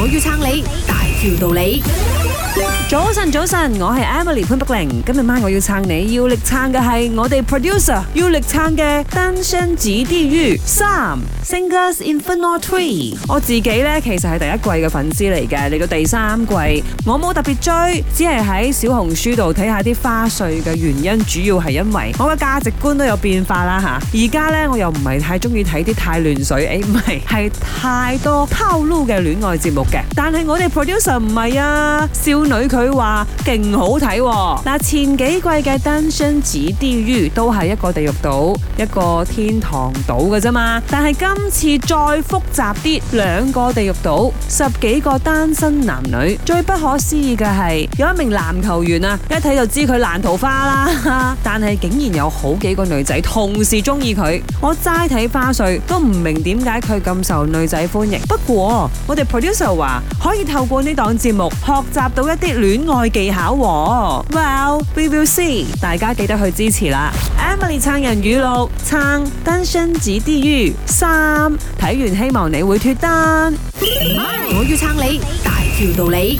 我要撐你，大條道理。早晨，早晨，我係 Emily 潘柏玲。今日晚我要撐你，要力撐嘅係我哋 producer，要力撐嘅單身即地獄三 Singles Inferno Three。我自己呢，其實係第一季嘅粉絲嚟嘅，嚟到第三季我冇特別追，只係喺小紅書度睇下啲花絮嘅原因，主要係因為我嘅價值觀都有變化啦吓，而家呢，我又唔係太中意睇啲太亂水，誒唔係係太多套路嘅戀愛節目嘅，但係我哋 producer 唔係啊，少女佢。佢話勁好睇嗱，哦，前幾季嘅單身即地獄都係一個地獄島，一個天堂島嘅啫嘛。但係今次再複雜啲，兩個地獄島，十幾個單身男女。最不可思議嘅係，有一名籃球員啊，一睇就知佢爛桃花啦。但係竟然有好幾個女仔同時中意佢。我齋睇花絮都唔明點解佢咁受女仔歡迎。不過我哋 producer 話，可以透過呢檔節目學習到一啲。戀愛技巧，哦、Well，we will see。大家記得去支持啦。Emily 撐人語錄，撐單身即地獄3，睇完希望你會脱單。我要撐你，大條道理。